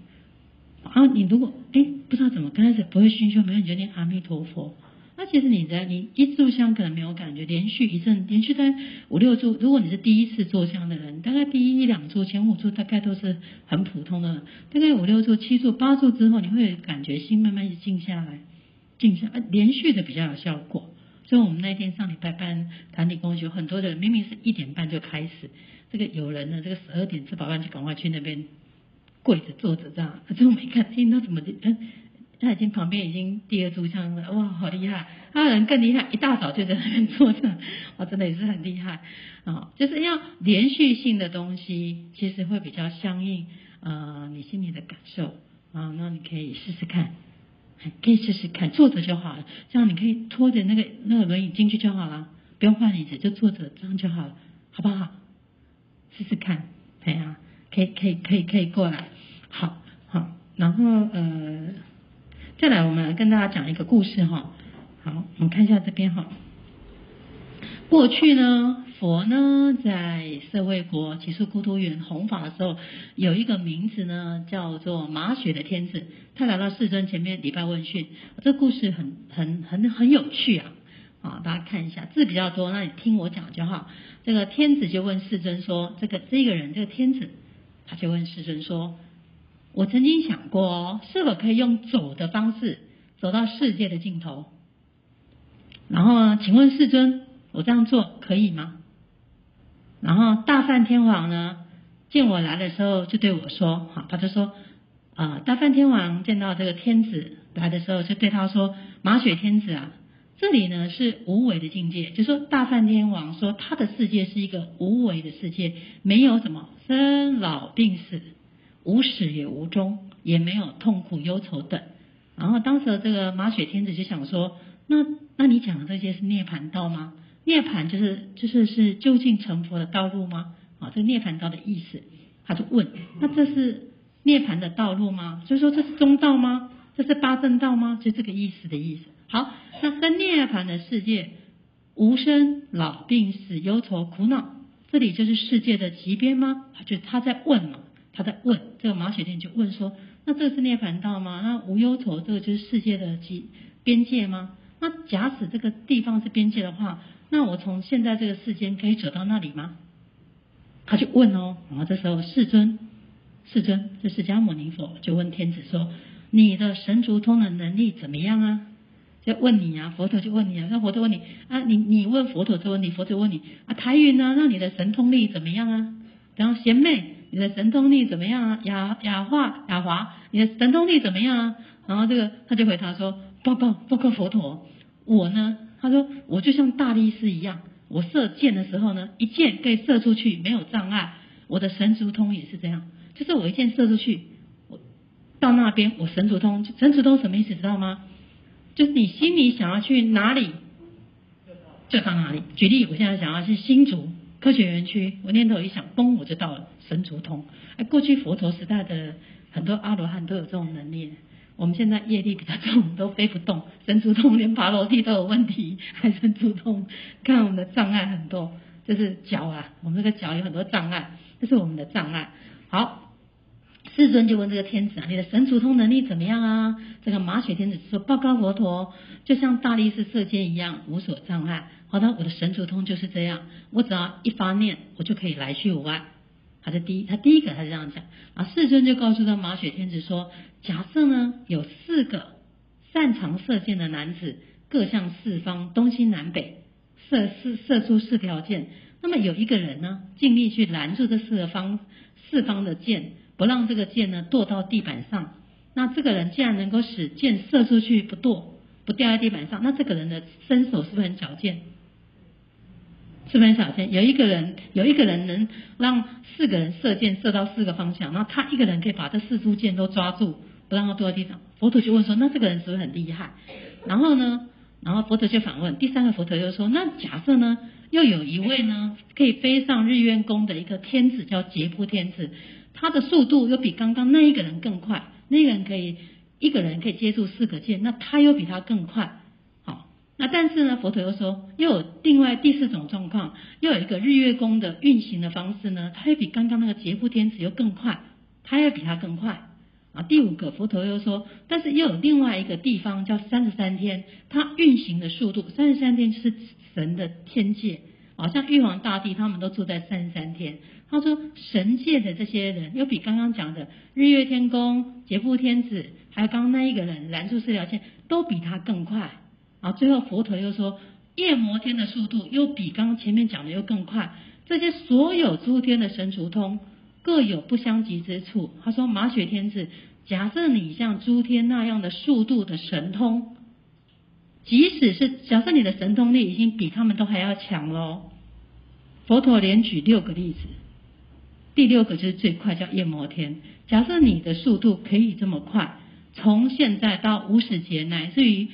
啊，你如果哎，不知道怎麼剛開始不會熏修，沒有你就念阿彌陀佛。那其實你在你一炷香可能沒有感覺，連續一陣連續在五六柱。如果你是第一次坐香的人，大概第一兩柱、前五柱大概都是很普通的，大概五六柱、七柱、八柱之後，你會感覺心慢慢靜下來，靜下來，連續的比較有效果。所以，我們那天上禮拜班，團體共修，很多的人明明是一點半就開始，這個有人呢，這個十二點吃飽飯就趕快去那邊跪着、坐着這樣，這我沒看聽到怎麼的。他已經旁邊已經第二炷香了，哇，好厲害！他人更厲害，一大早就在那邊坐着，哇、哦，真的也是很厲害啊、哦！就是要連續性的東西，其實會比較相應，呃，你心裡的感受啊，那、哦、你可以試試看，可以試試看，坐着就好了。這樣你可以拖着那個那個輪椅進去就好了，不用換椅子，就坐着這樣就好了，好不好？試試看，對啊，可以可以可以可以過來，好，好，然後呃。接下來我們跟大家講一個故事哈，好，我們看一下這邊哈。過去呢，佛呢在舍衛國祇樹孤獨園弘法的時候，有一個名字呢叫做馬血的天子，他來到世尊前面禮拜問訊。這故事很很很很有趣啊，啊，大家看一下字比較多，那你聽我講就好。這個天子就問世尊說，這個這個人這個天子，他就問世尊說。我曾經想過哦，是否可以用走的方式走到世界的盡頭？然後呢？請問世尊，我這樣做可以嗎？然後大梵天王呢，見我來的時候，就對我說：“哈，他就說，啊、呃，大梵天王見到這個天子來的時候，就對他說，馬血天子啊，這裡呢是無為的境界，就說大梵天王說，他的世界是一個無為的世界，沒有什麼生老病死。”無始也無終，也沒有痛苦、憂愁等。然後當時這個馬雪天子就想說：“那那你講的這些是涅槃道嗎？涅槃就是就是是究竟成佛的道路嗎？啊、哦，這個涅槃道的意思，他就問：那這是涅槃的道路嗎？就是說這是中道嗎？這是八正道嗎？就這個意思的意思。好，那在涅槃的世界，無生、老、病、死、憂愁、苦惱，這裡就是世界的極邊嗎？就他在問嘛。”他在問這個馬雪天，就問說：“那這個是涅槃道嗎？那無憂愁，這個就是世界的極邊界嗎？那假使這個地方是邊界的話，那我從現在這個世間可以走到那裡嗎？”他就問哦，然後這時候世尊，世尊，這釋迦牟尼佛就問天子說：“你的神足通的能，能力怎麼樣啊？”就問你啊，佛陀就問你啊，那佛陀問你啊，你你問佛陀之個問你佛陀就問你啊，台云啊，那你的神通力怎麼樣啊？然後賢妹。你的神通力怎麼樣啊？雅雅化雅華，你的神通力怎麼樣啊？然後這個他就回答說：報報報告佛陀，我呢，他說我就像大力士一樣，我射箭的時候呢，一箭可以射出去沒有障礙。我的神足通也是這樣，就是我一箭射出去，我到那邊我神足通，神足通什麼意思？知道嗎？就是你心裡想要去哪裡，就到哪裡。舉例，我現在想要去新竹。科學園區，我念頭一想，嘣，我就到了神足通。過去佛陀時代的很多阿羅漢都有這種能力。我們現在業力比較重，都飛不動，神足通連爬樓梯都有問題。還神足通，看我們的障礙很多，就是腳啊，我們這個腳有很多障礙，這、就是我們的障礙。好，世尊就問這個天子啊，你的神足通能力怎麼樣啊？這個馬雪天子說：報告佛陀，就像大力士射箭一樣，無所障礙。好的，我的神足通就是這樣。我只要一發念，我就可以來去無礙。他的，第一，他第一個，他是這樣講。啊，世尊就告訴他馬雪天子說，假設呢有四個擅長射箭的男子，各向四方，東西南北射四，射出四條箭，那麼有一個人呢，盡力去攔住這四個方四方的箭，不讓這個箭呢墮到地板上。那這個人既然能夠使箭射出去不墮，不掉在地板上，那這個人的身手是不是很矯健？四分小箭，有一個人，有一個人能讓四個人射箭射到四個方向，然後他一個人可以把這四株箭都抓住，不讓他掉在地上。佛陀就問說：那這個人是不是很厲害？然後呢，然後佛陀就反問第三個佛陀，又說：那假設呢，又有一位呢可以飛上日月宮的一個天子叫杰夫天子，他的速度又比剛剛那一個人更快，那個人可以一個人可以接住四個箭，那他又比他更快。啊，但是呢，佛陀又說，又有另外第四種狀況，又有一個日月宮的運行的方式呢，它會比剛剛那個劫富天子又更快，它要比它更快。啊，第五個佛陀又說，但是又有另外一個地方叫三十三天，它運行的速度，三十三天是神的天界，好、啊、像玉皇大帝他們都住在三十三天。他說，神界的這些人又比剛剛講的日月天宮、劫富天子，還有剛剛那一個人攔住四條線，都比他更快。啊，最後佛陀又說，夜摩天的速度又比剛剛前面講的又更快。這些所有諸天的神足通各有不相及之處。他說，馬雪天子，假設你像諸天那樣的速度的神通，即使是假設你的神通力已經比他們都還要強嘍、哦，佛陀連舉六個例子，第六個就是最快叫夜摩天。假設你的速度可以這麼快，從現在到無始劫乃至於。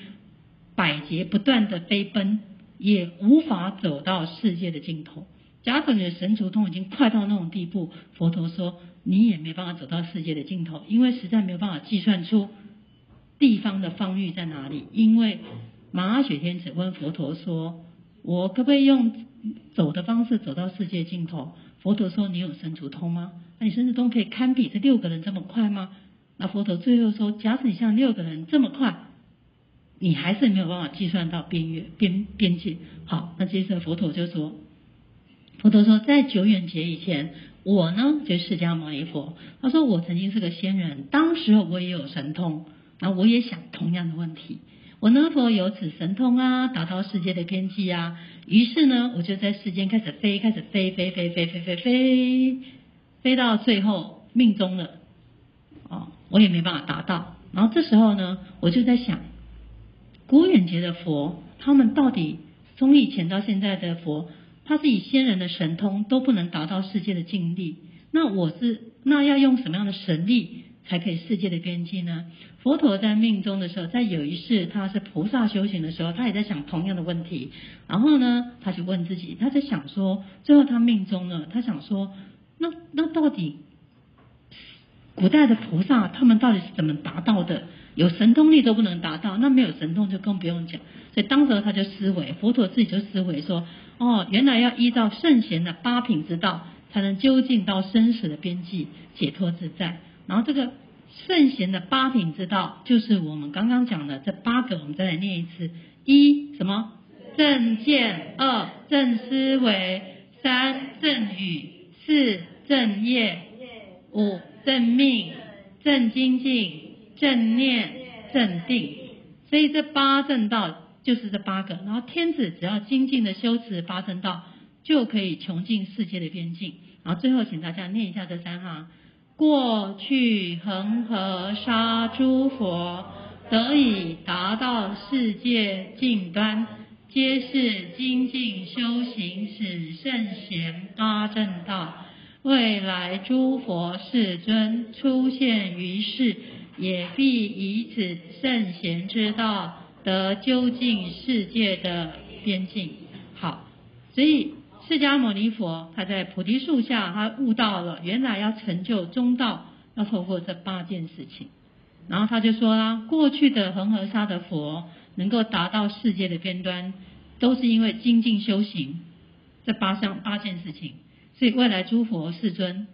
百劫不斷地飛奔，也無法走到世界的盡頭。假使你的神足通已經快到那種地步，佛陀說你也沒辦法走到世界的盡頭，因為實在沒有辦法計算出地方的方域在哪裡。因為馬阿雪天子問佛陀說：“我可不可以用走的方式走到世界盡頭？”佛陀說：“你有神足通嗎？那你神足通可以堪比這六個人這麼快嗎？”那佛陀最後說：“假使你像六個人這麼快。”你還是沒有辦法計算到邊緣邊邊界。好，那接着佛陀就說：“佛陀說，在久遠劫以前，我呢就釋迦牟尼佛。他說我曾經是個仙人，當時候我也有神通。那我也想同樣的問題：我能否有此神通啊？達到世界的邊際啊？於是呢，我就在世間開始飛，開始飛飛飛飛飛飛飛，飛到最後命終了。哦，我也沒辦法達到。然後這時候呢，我就在想。”古遠劫的佛，他們到底從以前到現在的佛，他是以仙人的神通都不能達到世界的境地。那我是那要用什麼樣的神力才可以世界的邊際呢？佛陀在命中的時候，在有一世他是菩薩修行的時候，他也在想同樣的問題。然後呢，他就問自己，他在想說，最後他命中了，他想說，那那到底古代的菩薩他們到底是怎麼達到的？有神通力都不能達到，那沒有神通就更不用講。所以當時他就思維，佛陀自己就思維說：哦，原來要依照聖賢的八品之道，才能究竟到生死的邊際，解脫自在。然後這個聖賢的八品之道，就是我們剛剛講的這八個，我們再來念一次：一什麼正見，二正思維，三正語，四正業，五正命，正精進。正念、正定，所以這八正道就是這八個。然後天子只要精進的修持八正道，就可以窮盡世界的邊境。然後最後，請大家念一下這三行：過去恆河沙諸佛得以達到世界盡端，皆是精進修行，此賢聖八正道。未來諸佛世尊出現於世。也必以此聖賢之道，得究竟世界的邊境。好，所以釋迦牟尼佛他在菩提樹下，他悟到了，原來要成就中道，要透過這八件事情。然後他就說啦，過去的恆河沙的佛，能夠達到世界的邊端，都是因為精進修行這八項八件事情。所以未來諸佛世尊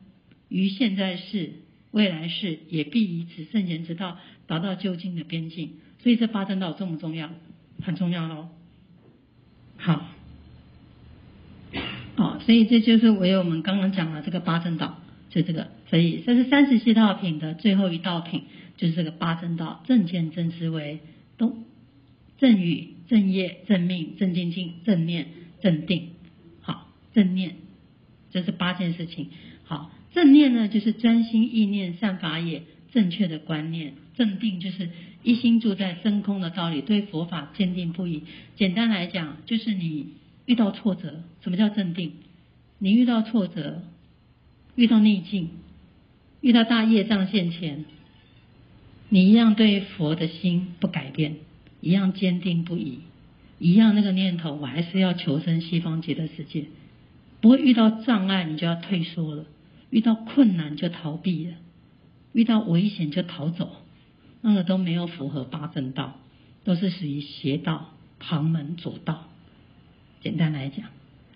於現在世。未來世也必以此聖賢之道達到究竟的邊際，所以這八正道重不重要？很重要咯。好，好，所以這就是我有我們剛剛講了這個八正道，就這個。所以這是三十七道品的最後一道品，就是這個八正道：正見、正思惟、正語、正業、正命、正精進、正念、正定。好，正念，這是八件事情。正念呢，就是專心意念善法也正確的觀念；正定就是一心住在真空的道理，對佛法堅定不移。簡單來講，就是你遇到挫折，什麼叫正定？你遇到挫折，遇到逆境，遇到大業障現前，你一樣對佛的心不改變，一樣堅定不移，一樣那個念頭，我還是要求生西方極樂世界，不會遇到障礙，你就要退縮了。遇到困難就逃避了，遇到危險就逃走，那個都沒有符合八正道，都是屬於邪道、旁門左道。簡單來講，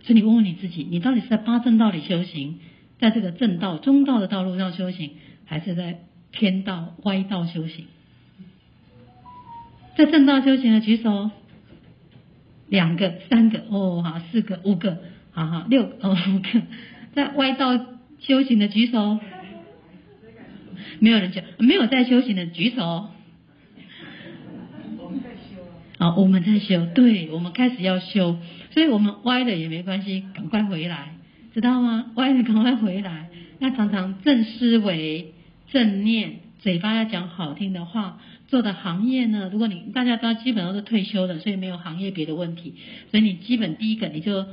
所以你問問你自己，你到底是在八正道裡修行，在這個正道、中道的道路上修行，還是在偏道、歪道修行？在正道修行的舉手，兩個、三個、哦，哈，四個、五個，好、哦、好，六個哦，五個，在歪道。修行的舉手，沒有人講，沒有在修行的舉手。我們在修，好，我們在修，對，我們開始要修，所以我們歪了也沒關係，趕快回來，知道嗎？歪了趕快回來。那常常正思維、正念，嘴巴要講好聽的話，做的行業呢？如果你大家都基本上都是退休的，所以沒有行業別的問題，所以你基本第一個你就。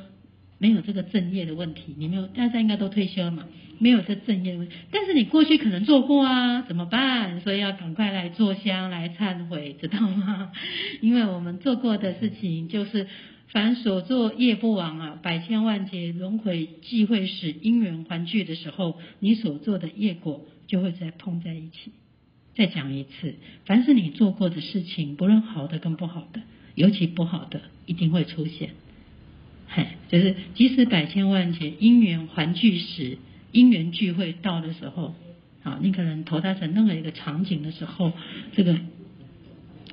沒有這個正業的問題，你沒有，大家應該都退休了嘛，沒有這正業的問題。但是你過去可能做過啊，怎麼辦？所以要趕快來坐香來懺悔，知道嗎？因為我們做過的事情，就是凡所作業不亡啊，百千萬劫輪回，即會使因緣環聚的時候，你所做的業果就會再碰在一起。再講一次，凡是你做過的事情，不論好的跟不好的，尤其不好的，一定會出現。嘿，就是即使百千萬劫因緣環聚時，因緣聚會到的時候，好，你可能投胎成任何一個場景的時候，這個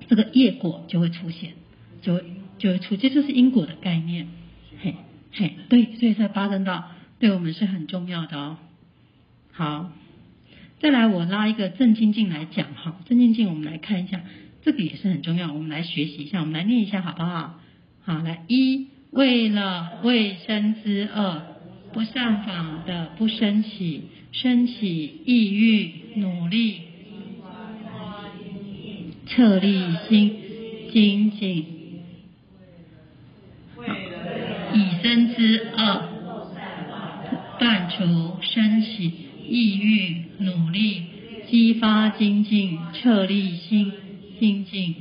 這個業果就會出現，就會就會出現，這就是因果的概念。嘿，嘿，對，對，所以這八正道對我們是很重要的哦。好，再來我拉一個正精進來講哈，正精進我們來看一下，這個也是很重要，我們來學習一下，我們來念一下好不好？好，來一。為了未生之惡不善法的不生起，生起意欲，努力，策勵心精進。已生之惡斷除，生起意欲，努力，激發精進，策勵心精進。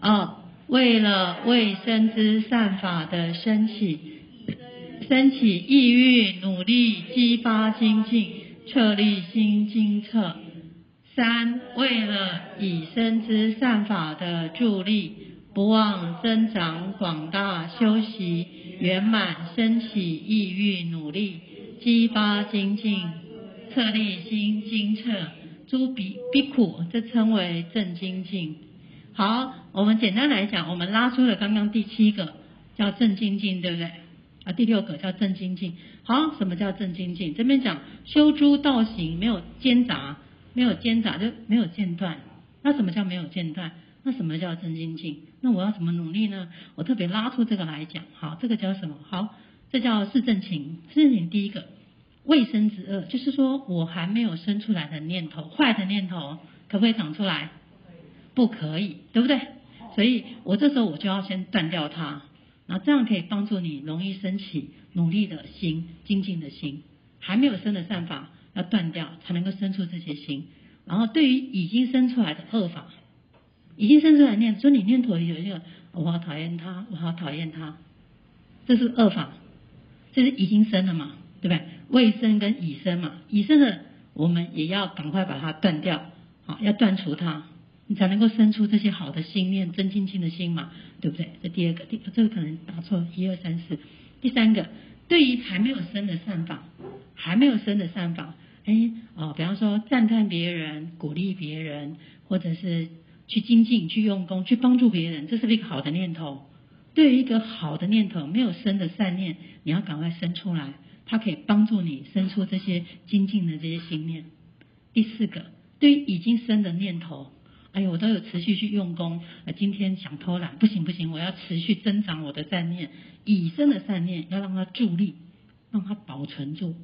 二。為了未生之善法的生起，生起意欲、努力、激發精進，策勵心精勤。三，為了已生之善法的住立，不忘增長廣大修習圓滿，生起意欲、努力、激發精進，策勵心精勤。諸比比苦，這稱為正精進。好，我們簡單來講，我們拉出了剛剛第七個叫正精進，對不對？啊，第六個叫正精進。好，什麼叫正精進？這邊講修諸道行，沒有間雜，沒有間雜就沒有間斷。那什麼叫沒有間斷？那什麼叫正精進？那我要怎麼努力呢？我特別拉出這個來講，好，這個叫什麼？好，這叫四正勤。四正勤第一個，未生之惡，就是說我還沒有生出來的念頭，壞的念頭可不可以長出來？不可以，對不對？所以我這時候我就要先斷掉它，然後這樣可以幫助你容易升起努力的心、精進的心。還沒有生的善法要斷掉，才能夠生出這些心。然後對於已經生出來的惡法，已經生出來念，所以你念頭有一個我好討厭他，我好討厭他，這是惡法，這是已經生了嘛，對不對？未生跟已生嘛，已生的我們也要趕快把它斷掉，好，要斷除它。你才能夠生出這些好的心念，真清淨的心嘛，對不對？這第二個，第這個可能打錯，一二三四。第三個，對於還沒有生的善法，還沒有生的善法，哎哦，比方說讚歎別人、鼓勵別人，或者是去精進、去用功、去幫助別人，這是一個好的念頭。對於一個好的念頭，沒有生的善念，你要趕快生出來，它可以幫助你生出這些精進的這些心念。第四個，對於已經生的念頭。哎呦，我都有持續去用功。今天想偷懶，不行不行，我要持續增長我的善念，已生的善念要讓它助力，讓它保存住，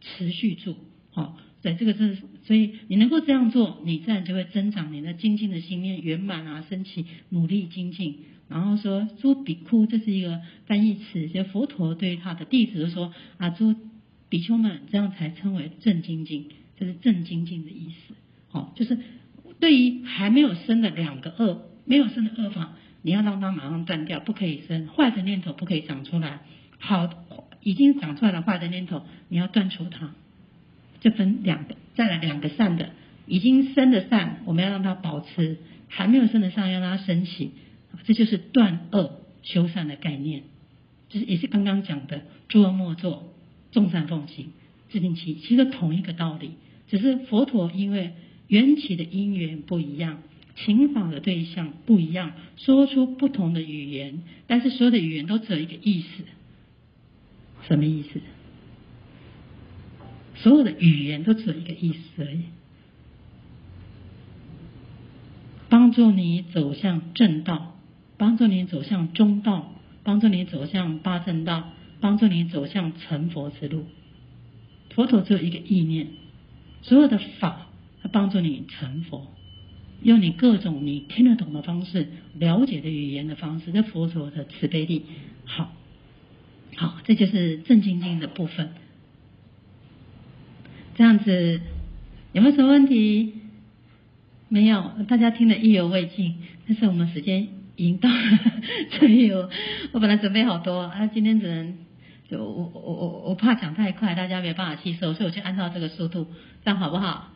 持續住。好，對，這個、就是，所以你能夠這樣做，你自然就會增長你的精進的心念圓滿啊，升起努力精進。然後說，諸比丘，這是一個翻譯詞，就佛陀對於他的弟子說啊，諸比丘們，這樣才稱為正精進，這、就是正精進的意思。好、哦，就是。對於還沒有生的兩個惡，沒有生的惡法，你要讓它馬上斷掉，不可以生壞的念頭，不可以長出來。好，已經長出來了壞的念頭，你要斷除它。這分兩個，再來兩個善的，已經生的善，我們要讓它保持；還沒有生的善，要讓它升起。這就是斷惡修善的概念，就是也是剛剛講的“諸惡莫作，眾善奉行”，自淨其意，其實同一個道理，只是佛陀因為。緣起的因緣不一樣，情法的對象不一樣，說出不同的語言，但是所有的語言都只有一個意思，什麼意思？所有的語言都只有一個意思而已，幫助你走向正道，幫助你走向中道，幫助你走向八正道，幫助你走向成佛之路，佛陀只有一個意念，所有的法。幫助你成佛，用你各種你聽得懂的方式、了解的語言的方式，這佛陀的慈悲力，好，好，這就是正精進的部分。這樣子有沒有什麼問題？沒有，大家聽得意猶未盡，但是我們時間已經到了。所以我我本來準備好多啊，今天只能就我我我我怕講太快，大家沒辦法吸收，所以我就按照這個速度，這樣好不好？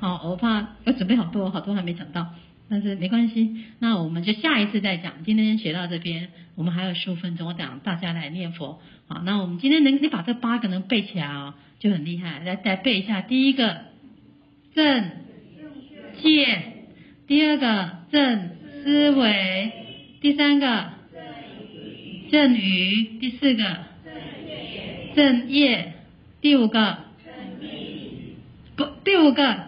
好，我怕我準備好多，好多還沒講到，但是沒關係，那我們就下一次再講。今天學到這邊，我們還有十五分鐘，我講大家來念佛。好，那我們今天能你把這八個能背起來哦，就很厲害。來再背一下，第一個正見，第二個正思維，第三個正語，正語，第四個正業，正業，第五個正義不，第五個。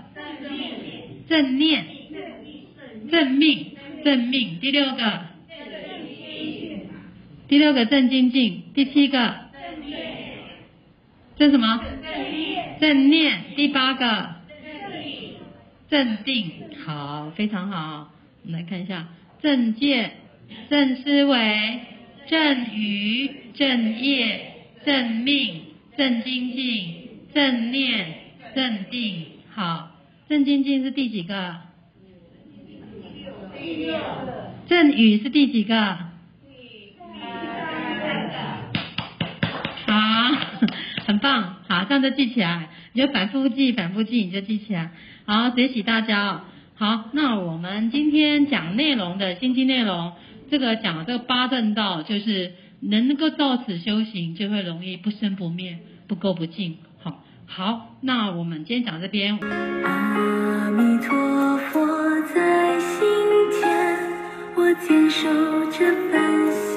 正念正、正命、正命，第六個，第六個正精進，第七個，這什麼正念？正念，第八個，正定，好，非常好。我們來看一下，正見、正思維、正語、正業、正命、正精進、正念、正定，好。正精進是第幾個？正語是第幾個？好，很棒，好，這樣就記起來，你就反復記，反復記，你就記起來。好，謝謝大家。好，那我們今天講內容的心經內容，這個講的這個八正道，就是能夠到此修行，就會容易不生不滅，不垢不淨。好，那我們今天講這邊。阿彌陀佛在心間，我堅守著本心。